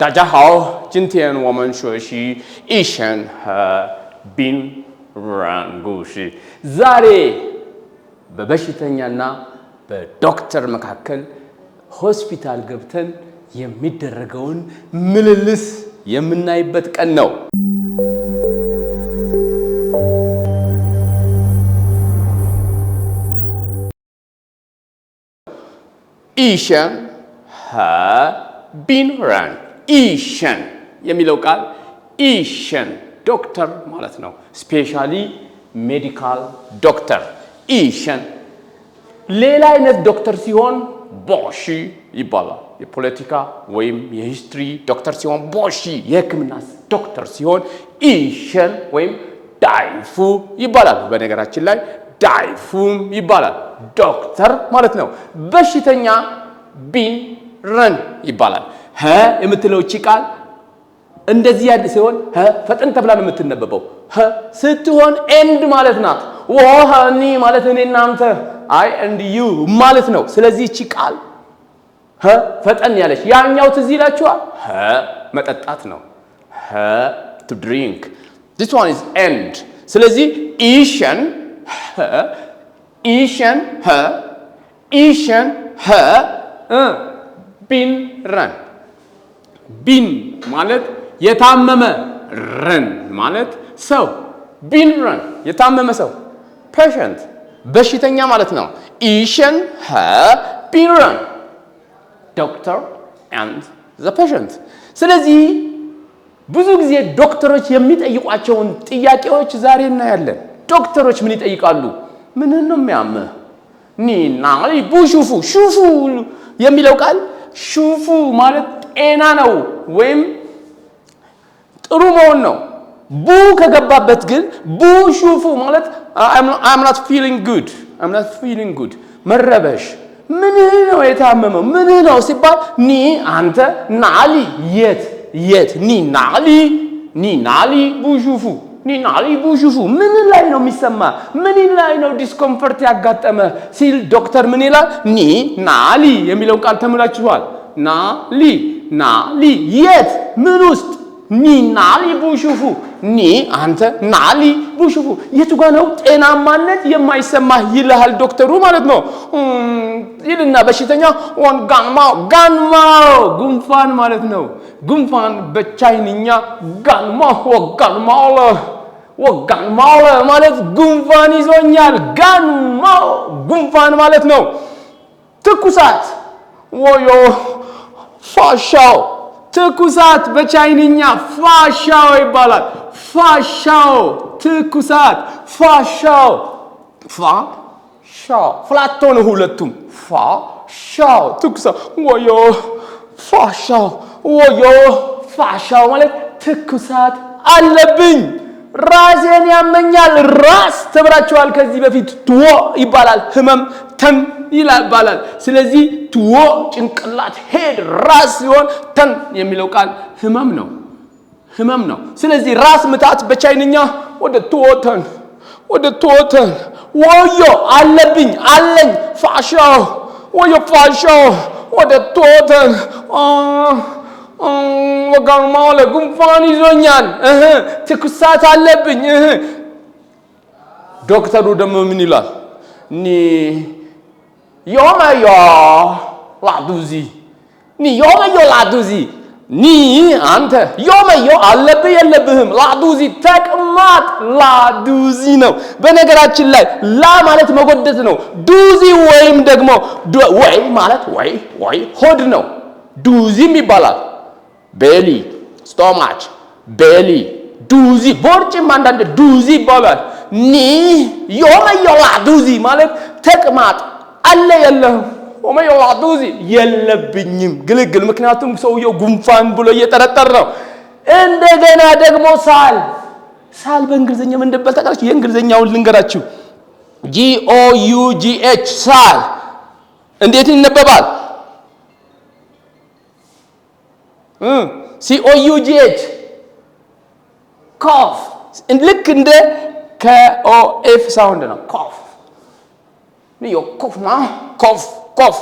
大家好，今天我们学习一贤和病人故事。ዛሬ በበሽተኛና በዶክተር መካከል ሆስፒታል ገብተን የሚደረገውን ምልልስ የምናይበት ቀን ነው። ኢሸን ቢንራን ኢሸን የሚለው ቃል ኢሸን ዶክተር ማለት ነው። ስፔሻሊ ሜዲካል ዶክተር ኢሸን። ሌላ አይነት ዶክተር ሲሆን ቦሺ ይባላል። የፖለቲካ ወይም የሂስትሪ ዶክተር ሲሆን ቦሺ፣ የህክምና ዶክተር ሲሆን ኢሸን ወይም ዳይፉ ይባላል። በነገራችን ላይ ዳይፉም ይባላል ዶክተር ማለት ነው። በሽተኛ ቢን ረን ይባላል። ሀ የምትለው እቺ ቃል እንደዚህ ያድ ሲሆን ሀ ፈጠን ተብላ ነው የምትነበበው። ሀ ስትሆን ኤንድ ማለት ናት። ወሃኒ ማለት እኔ እናንተ አይ ኤንድ ዩ ማለት ነው። ስለዚህ እቺ ቃል ሀ ፈጠን ያለች ያኛው ትዝ ይላችኋል። ሀ መጠጣት ነው። ሀ ቱ ድሪንክ ዲስ ዋን ኢዝ ኤንድ። ስለዚህ ኢሽን ቢን ረን ቢን ማለት የታመመ ረን ማለት ሰው ቢን ረን የታመመ ሰው ፔሸንት በሽተኛ ማለት ነው። ኢሸን ሀ ቢን ረን ዶክተር ኤንድ ዘ ፔሸንት። ስለዚህ ብዙ ጊዜ ዶክተሮች የሚጠይቋቸውን ጥያቄዎች ዛሬ እናያለን። ዶክተሮች ምን ይጠይቃሉ? ምንን ነው የሚያምህ? ኒና ቡሹፉ ሹፉ የሚለው ቃል ሹፉ ማለት ጤና ነው ወይም ጥሩ መሆን ነው። ቡ ከገባበት ግን ቡ ሹፉ ማለት አም ናት ፊሊንግ ጉድ አም ናት ፊሊንግ ጉድ መረበሽ ምንህ ነው የታመመው ምንህ ነው ሲባል ኒ አንተ ናሊ የት የት ኒ ናሊ ኒ ናሊ ቡ ሹፉ ኒና ኢቡሹፉ ምን ላይ ነው የሚሰማ? ምን ላይ ነው ዲስኮምፈርት ያጋጠመ ሲል ዶክተር ምን ይላል? ኒ ናሊ የሚለውን ቃል ተምላችኋል። ናሊ ናሊ የት ምን ውስጥ ኒ ናሊ ቡሹፉ ኒ አንተ ናሊ ቡሹፉ የቱ ጋ ነው ጤናማነት የማይሰማህ ይልሃል ዶክተሩ ማለት ነው ይልና በሽተኛ ወን ጋንማው ጋንማው ጉንፋን ማለት ነው። ጉንፋን በቻይንኛ ጋንማ ማለት ጉንፋን ይዞኛል። ጋንማው ጉንፋን ማለት ነው። ትኩሳት ወዮ ፋሻው ትኩሳት በቻይንኛ ፋሻው ይባላል። ፋሻው ትኩሳት፣ ፋሻዎ ፋሻዎ ፍላቶ ነው ሁለቱም። ፋሻዎ ትኩሳት፣ ወዮ ፋሻዎ፣ ወዮ ፋሻዎ ማለት ትኩሳት አለብኝ፣ ራሴን ያመኛል። ራስ ተብራችኋል ከዚህ በፊት ድዎ ይባላል ህመም ተን ይባላል። ስለዚህ ትዎ ጭንቅላት፣ ሄድ ራስ ሲሆን ተን የሚለው ቃል ህመም ነው ህመም ነው። ስለዚህ ራስ ምታት በቻይንኛ ወደ ትወተን ወደ ትወተን ወዮ አለብኝ አለኝ ፋሻ ወዮ ፋሻው ወደ ትወተን ወጋማ ላይ ጉንፋን ይዞኛል ትኩሳት አለብኝ። ዶክተሩ ደግሞ ምን ይላል? ရောမရောလာသူစီနီရောမရောလာသူစီနီအန်တရောမရောအလဘယလဘဟမ်လာသူစီ ተቅማጥ ላዱዚ ነው። በነገራችን ላይ ላ ማለት መጎደት ነው። ዱዚ ወይም ደግሞ ወይ ማለት ወይ ወይ ሆድ ነው። ዱዚም ይባላል። ቤሊ ስቶማች፣ ቤሊ ዱዚ፣ ቦርጭም አንዳንድ ዱዚ ይባላል። ኒ የሆነ ላዱዚ ማለት ተቅማጥ አለ የለህም ኦመየዋዕጡዚ የለብኝም ግልግል። ምክንያቱም ሰውየው ጉንፋን ብሎ እየጠረጠር ነው። እንደገና ደግሞ ሳል ሳል በእንግሊዝኛ ምን እንደበል ታውቃላችሁ? የእንግሊዝኛውን ልንገራችሁ። ጂኦ ዩ ጂ ኤች ሳል እንዴት ይነበባል? ሲኦ ዩ ጂ ኤች ኮፍ። ልክ እንደ ከኦኤፍ ሳውንድ ነው ኮፍ ኮፍ ኮፍ ኮፍ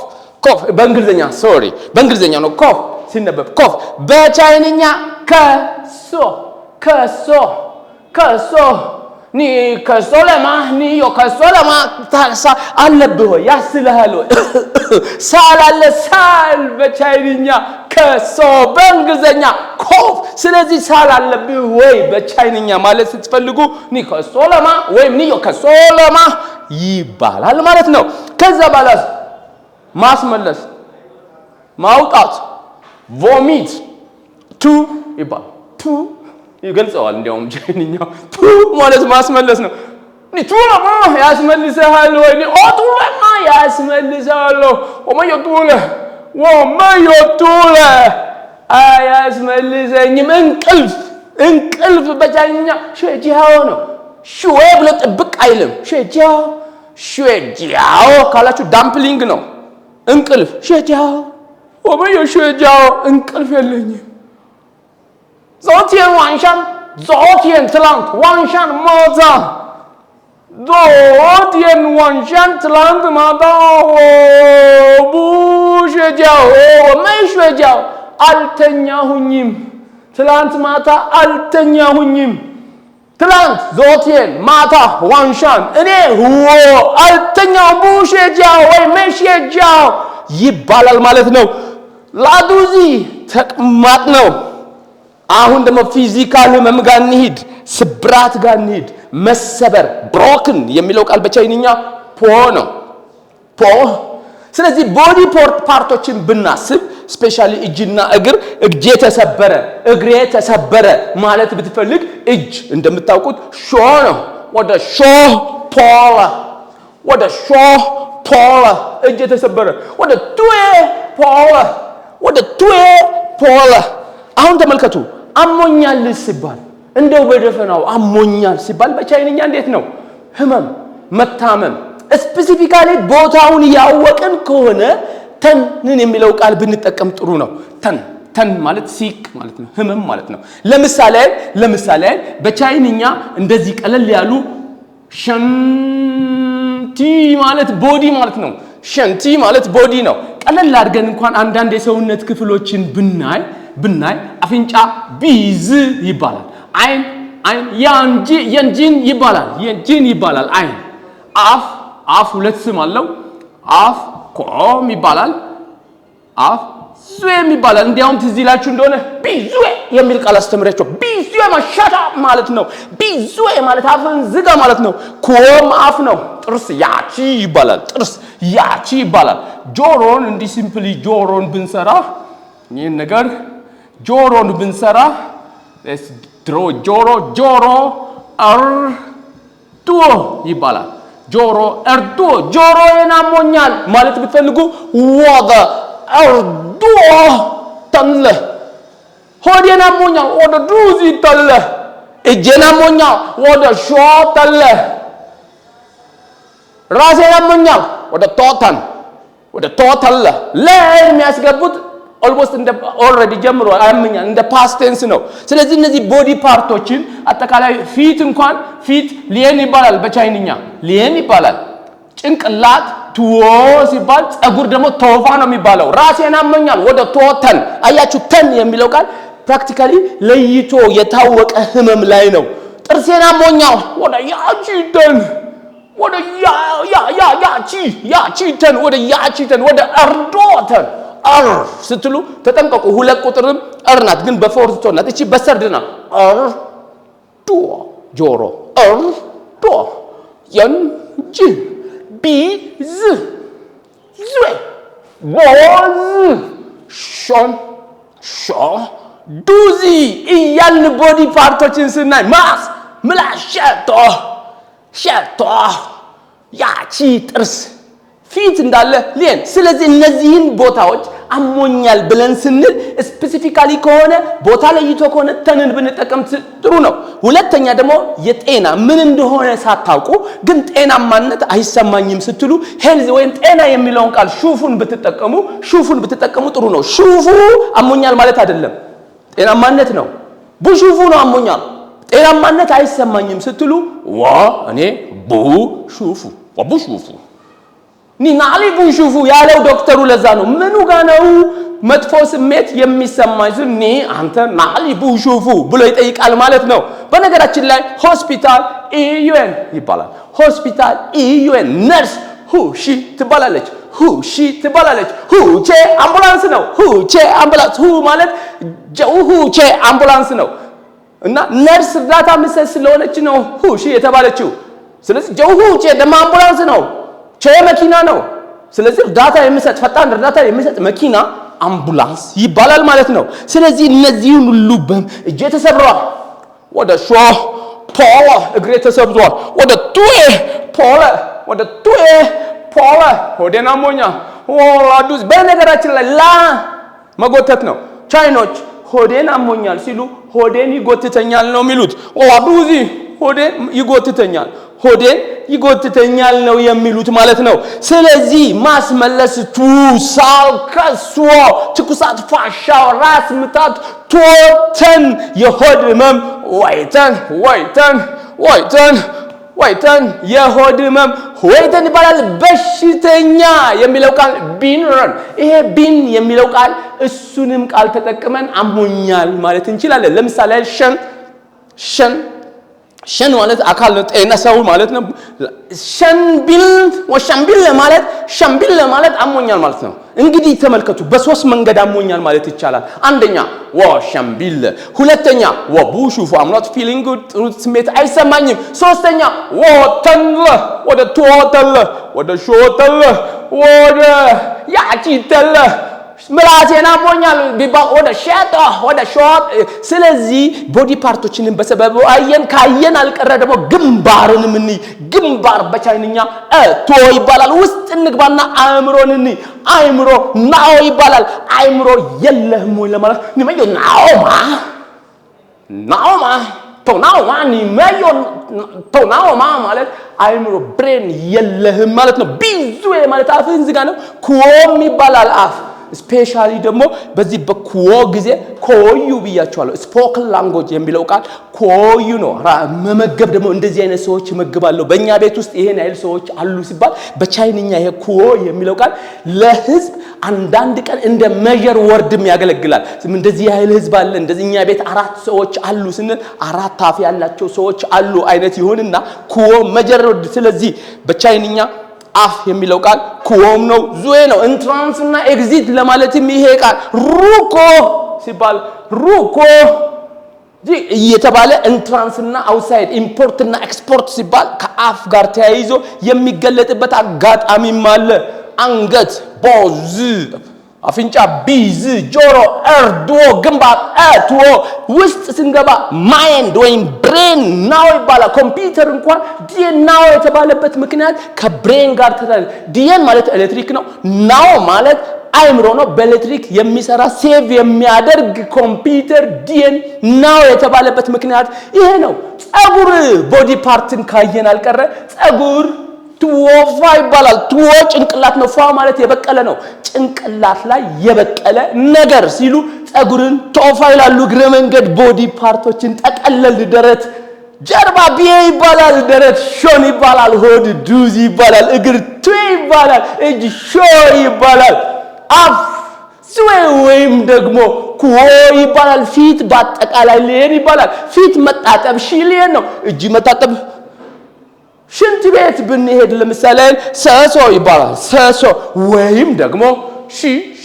ኮፍ በእንግሊዝኛ ሶሪ በእንግሊዝኛ ነው ኮፍ ሲነበብ ኮፍ። በቻይንኛ ከሶ ከሶ ከሶ ኒ ከሶ ለማ ኒዮ ከሶ ለማ ታሳ አለብህ ወይ ያስልሃል ወይ ሳላለ ሳል በቻይንኛ ከሶ በእንግሊዝኛ ኮፍ። ስለዚህ ሳል አለብህ ወይ በቻይንኛ ማለት ስትፈልጉ ኒ ከሶ ለማ ወይም ኒዮ ከሶ ለማ ይባላል ማለት ነው። ከዛ ባላ ማስመለስ፣ ማውጣት፣ ቮሚት ቱ ይባላል። ቱ ይገልጸዋል። እንዲያውም ቻይንኛው ቱ ማለት ማስመለስ ነው። ቱለማ ያስመልሰሃል ወይ ኦቱለማ ያስመልሰሃል ኦመዮቱለ ወመዮቱለ አያስመልሰኝም። እንቅልፍ እንቅልፍ በቻይንኛ ሸጂሃው ነው ሽዌ ብሎ ጥብቅ አይልም። ሸጃው ሸጃው ካላችሁ ዳምፕሊንግ ነው እንቅልፍ። ሸጃው ወበዮ ሸጃው እንቅልፍ የለኝም። ዞቴን ዋንሻን ዞቴን ትላንት ዋንሻን ማታ ዞቴን ዋንሻን ትላንት ማታ ቡ ሸጃው ወመይ ሸጃው አልተኛሁኝም። ትላንት ማታ አልተኛሁኝም ትላንት ዞቴን ማታ ዋንሻን እኔ ህዎ አልተኛው ቡሼጃው ወይ መሼጃው ይባላል ማለት ነው። ላዱዚ ተቅማጥ ነው። አሁን ደግሞ ፊዚካል ህመም ጋር እንሂድ፣ ስብራት ጋር እንሂድ። መሰበር ብሮክን የሚለው ቃል በቻይንኛ ፖ ነው ፖ። ስለዚህ ቦዲ ፓርቶችን ብናስብ ስፔሻሊ እጅና እግር እጄ ተሰበረ፣ እግሬ ተሰበረ ማለት ብትፈልግ እጅ እንደምታውቁት ሾ ነው። ወደ ሾ ፖለ፣ ወደ ሾ ፖለ፣ እጅ ተሰበረ። ወደ ቱዌ ፖለ፣ ወደ ቱዌ ፖለ። አሁን ተመልከቱ። አሞኛል ሲባል እንደው በደፈናው አሞኛል ሲባል በቻይንኛ እንዴት ነው? ህመም፣ መታመም ስፔሲፊካሊ ቦታውን ያወቅን ከሆነ ተንን የሚለው ቃል ብንጠቀም ጥሩ ነው። ተን ተን ማለት ሲቅ ማለት ነው፣ ህመም ማለት ነው። ለምሳሌ ለምሳሌ በቻይንኛ እንደዚህ ቀለል ያሉ ሸንቲ ማለት ቦዲ ማለት ነው። ሸንቲ ማለት ቦዲ ነው። ቀለል አድርገን እንኳን አንዳንድ የሰውነት ክፍሎችን ብናይ ብናይ አፍንጫ ቢዝ ይባላል። አይን አይን ያንጂ የንጂን ይባላል። የንጂን ይባላል። አይን አፍ አፍ ሁለት ስም አለው አፍ ቆም ይባላል። አፍ ዙዌም ይባላል። እንዲያውም ትዝ ይላችሁ እንደሆነ ቢዙዌ የሚል ቃል አስተምሪያቸው። ቢዙዌ ማሻታ ማለት ነው። ቢዙዌ ማለት አፍን ዝጋ ማለት ነው። ቆም አፍ ነው። ጥርስ ያቺ ይባላል። ጥርስ ያቺ ይባላል። ጆሮን እንዲህ ሲምፕሊ ጆሮን ብንሰራ ይህን ነገር ጆሮን ብንሰራ ድሮ ጆሮ ጆሮ አር ዱዎ ይባላል። ጆሮ እርዶ ጆሮዬን አሞኛል ማለት ብትፈልጉ ወደ እርዶ ተንለ ሆዴን አሞኛል ወደ ዱዚ ተለ እጄን አሞኛል ወደ ሾ ተለ ራሴን አሞኛል ወደ ቶተን ወደ ቶተለ ለ የሚያስገቡት ኦልሞስት እንደ ኦልሬዲ ጀምሮ አያመኛል እንደ ፓስቴንስ ነው። ስለዚህ እነዚህ ቦዲ ፓርቶችን አጠቃላይ ፊት እንኳን ፊት ሊየን ይባላል፣ በቻይንኛ ሊየን ይባላል። ጭንቅላት ቱዎ ሲባል ጸጉር ደግሞ ቶፋ ነው የሚባለው። ራሴን አመኛል ወደ ቶ ተን አያችሁ፣ ተን የሚለው ቃል ፕራክቲካሊ ለይቶ የታወቀ ህመም ላይ ነው። ጥርሴን አሞኛል ወደ ያቺ ተን ወደ ያቺ ተን ወደ ያቺ ተን ወደ እርዶ ተን አር ስትሉ ተጠንቀቁ። ሁለት ቁጥርም አር ናት፣ ግን በፎርት ቶን ናት። እቺ በሰርድ በሰርድና አር ዶ ጆሮ አር ዶ ያን ጂ ቢ ዝ ዝ ቦዝ ሾን ሾ ዱዚ እያልን ቦዲ ፓርቶችን ስናይ ማስ ምላሽ ሸቶ ሸቶ ያቺ ጥርስ ፊት እንዳለ ሌን ስለዚህ እነዚህን ቦታዎች አሞኛል ብለን ስንል ስፔሲፊካሊ ከሆነ ቦታ ለይቶ ከሆነ ተንን ብንጠቀም ጥሩ ነው። ሁለተኛ ደግሞ የጤና ምን እንደሆነ ሳታውቁ ግን ጤናማነት አይሰማኝም ስትሉ ሄልዝ ወይም ጤና የሚለውን ቃል ሹፉን ብትጠቀሙ ሹፉን ብትጠቀሙ ጥሩ ነው። ሹፉ አሞኛል ማለት አይደለም፣ ጤናማነት ነው። ቡሹፉ ነው አሞኛል ጤናማነት አይሰማኝም ስትሉ ዋ እኔ ቡ ሹፉ ቡ ሹፉ ኒናሊ ቡንሹፉ ያለው ዶክተሩ ለዛ ነው። ምኑ ጋ ነው መጥፎ ስሜት የሚሰማኝ? ሱ ኒ አንተ ናሊ ቡንሹፉ ብሎ ይጠይቃል ማለት ነው። በነገራችን ላይ ሆስፒታል ኢዩኤን ይባላል። ሆስፒታል ኢዩኤን ነርስ ሁሺ ትባላለች። ሁሺ ትባላለች። ሁቼ አምቡላንስ ነው። ሁቼ አምቡላንስ ሁ ማለት ሁቼ አምቡላንስ ነው እና ነርስ እርዳታ ምሰት ስለሆነች ነው ሁሺ የተባለችው። ስለዚህ ጀውሁቼ ደማ አምቡላንስ ነው ቼ መኪና ነው። ስለዚህ እርዳታ የሚሰጥ ፈጣን እርዳታ የሚሰጥ መኪና አምቡላንስ ይባላል ማለት ነው። ስለዚህ እነዚህን ሁሉ እጄ ተሰብሯል፣ ወደ ሾ ፖለ፣ እግሬ ተሰብሯል፣ ወደ ቱዌ ፖለ፣ ወደ ቱዌ ፖለ፣ ሆዴን አሞኛል፣ ላዱዝ። በነገራችን ላይ ላ መጎተት ነው። ቻይኖች ሆዴን አሞኛል ሲሉ ሆዴን ይጎትተኛል ነው የሚሉት። ላዱዚ ሆዴን ይጎትተኛል ሆዴን ይጎትተኛል ነው የሚሉት ማለት ነው። ስለዚህ ማስመለስ ቱ ቱሳው ከሶ ትኩሳት፣ ፋሻው፣ ራስ ምታት፣ ቶተን የሆድ ህመም ወይተን ወይተን ወይተን ወይተን የሆድ ህመም ወይተን ይባላል። በሽተኛ የሚለው ቃል ቢንረን፣ ይሄ ቢን የሚለው ቃል እሱንም ቃል ተጠቅመን አሞኛል ማለት እንችላለን። ለምሳሌ ሸን ሸን ሸን ማለት አካል ነው። ጤና ሰው ማለት ነው። ሸንቢል ወሸንቢል ለማለት ሸንቢል ማለት አሞኛል ማለት ነው። እንግዲህ ተመልከቱ፣ በሶስት መንገድ አሞኛል ማለት ይቻላል። አንደኛ ወሸንቢል፣ ሁለተኛ ወቡሹፉ አምኖት ፊሊንግ ጥሩ ስሜት አይሰማኝም። ሶስተኛ ወተንለ ወደ ቶተለ ወደ ሾተለ ወደ ያቺተለ ምላሴን አሞኛል ቢባል ወደ ሸጠ ወደ ሾጥ። ስለዚህ ቦዲ ፓርቶችንም በሰበብ አየን። ካየን አልቀረ ደግሞ ግንባርን ምን ግንባር በቻይንኛ እቶ ይባላል። ውስጥ እንግባና አእምሮን እንይ። አእምሮ ናኦ ይባላል። አእምሮ የለህም ወይ ለማለት ንመዮ ናኦማ ናኦማ ቶናኦማ ንመዮ ቶናኦማ ማለት አእምሮ ብሬን የለህም ማለት ነው። ቢዙ ማለት አፍህን ዝጋ ነው። ኩዎም ይባላል አፍ ስፔሻሊ ደግሞ በዚህ በኮ ጊዜ ኮዩ ብያቸዋለሁ። ስፖክ ላንጎጅ የሚለው ቃል ኮዩ ነው። መመገብ ደግሞ እንደዚህ አይነት ሰዎች እመግባለሁ። በእኛ ቤት ውስጥ ይሄን ያህል ሰዎች አሉ ሲባል በቻይንኛ ይሄ ኮ የሚለው ቃል ለህዝብ አንዳንድ ቀን እንደ መዠር ወርድም ያገለግላል። እንደዚህ ያህል ህዝብ አለ፣ እንደዚህ እኛ ቤት አራት ሰዎች አሉ ስንል አራት አፍ ያላቸው ሰዎች አሉ አይነት ይሁንና ኮ መጀር ወርድ ስለዚህ በቻይንኛ አፍ የሚለው ቃል ኩዎም ነው፣ ዙዌ ነው። ኢንትራንስ እና ኤግዚት ለማለትም ይሄ ቃል ሩኮ ሲባል ሩኮ እየተባለ ኢንትራንስ እና አውትሳይድ ኢምፖርት እና ኤክስፖርት ሲባል ከአፍ ጋር ተያይዞ የሚገለጥበት አጋጣሚም አለ። አንገት ቦዝ አፍንጫ ቢዝ፣ ጆሮ እርድዎ፣ ግንባር እትዎ። ውስጥ ስንገባ ማይንድ ወይም ብሬን ናው ይባላል። ኮምፒውተር እንኳን ዲኤን ናው የተባለበት ምክንያት ከብሬን ጋር ተታለ። ዲኤን ማለት ኤሌክትሪክ ነው። ናው ማለት አይምሮ ነው። በኤሌክትሪክ የሚሰራ ሴቭ የሚያደርግ ኮምፒውተር ዲኤን ናው የተባለበት ምክንያት ይሄ ነው። ጸጉር ቦዲ ፓርትን ካየን አልቀረ ጸጉር ትወፋ ይባላል። ትወ ጭንቅላት ነው። ፏ ማለት የበቀለ ነው። ጭንቅላት ላይ የበቀለ ነገር ሲሉ ጸጉርን ተወፋ ይላሉ። እግረ መንገድ ቦዲ ፓርቶችን ጠቀለል፣ ደረት ጀርባ ቢዬ ይባላል። ደረት ሾን ይባላል። ሆድ ዱዝ ይባላል። እግር ቱ ይባላል። እጅ ሾ ይባላል። አፍ ስዌ ወይም ደግሞ ኩሆ ይባላል። ፊት በአጠቃላይ ሌን ይባላል። ፊት መጣጠብ ሺ ነው። እጅ መጣጠብ ሽንት ቤት ብንሄድ ለምሳሌ ሰሶ ይባላል። ሰሶ ወይም ደግሞ ሺ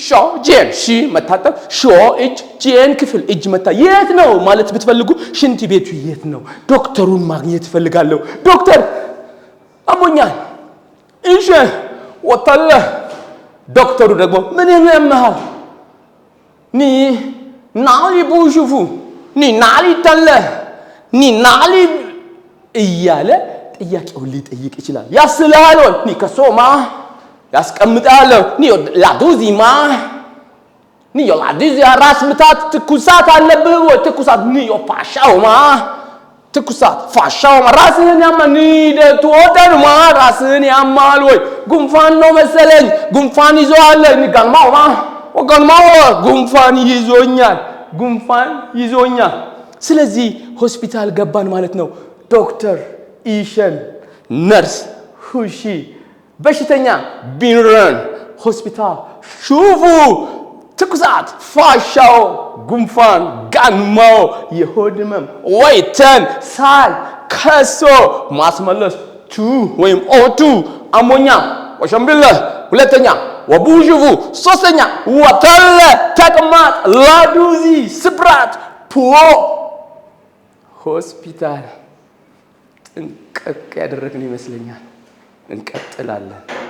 ሾ ጄን ሺ መታጠብ ሾ እጅ ጄን ክፍል እጅ መታ የት ነው ማለት ብትፈልጉ ሽንት ቤቱ የት ነው? ዶክተሩን ማግኘት እፈልጋለሁ። ዶክተር አሞኛል። እሺ ወታለ ዶክተሩ ደግሞ ምን ያመሃል? ኒ ናሊ ቡሹፉ ኒ ናሊ ተለ ኒ ናሊ እያለ ጥያቄውን ሊጠይቅ ይችላል። ያስላል ኒ ከሶማ ያስቀምጣል ኒ ላዱዚማ ኒ ላዱዚ ራስ ምታት ትኩሳት አለብህ ወይ ትኩሳት ኒ ፋሻውማ ትኩሳት ፋሻውማ ራስህን ያማ ኒ ደትወደንማ ራስህን ያማል ወይ ጉንፋን ነው መሰለኝ ጉንፋን ይዞዋለ ኒ ጋንማውማ ወጋንማው ጉንፋን ይዞኛል ጉንፋን ይዞኛል። ስለዚህ ሆስፒታል ገባን ማለት ነው ዶክተር ኢሸን ነርስ ሁሺ በሽተኛ ቢንረን ሆስፒታል ሹፉ ትኩሳት፣ ፋሻው ጉንፋን፣ ጋንማው የሆድ ህመም፣ ወይተን፣ ሳል፣ ከሶ፣ ማስመለስ ቱ ወይም ኦቱ፣ አሞኛ፣ ወሸምብለ፣ ሁለተኛ ወቡዥቡ፣ ሶስተኛ ወተለ፣ ተቅማጥ፣ ላዱዚ፣ ስብራት፣ ፑዎ ሆስፒታል ጥንቀቅ ያደረግን ይመስለኛል። እንቀጥላለን።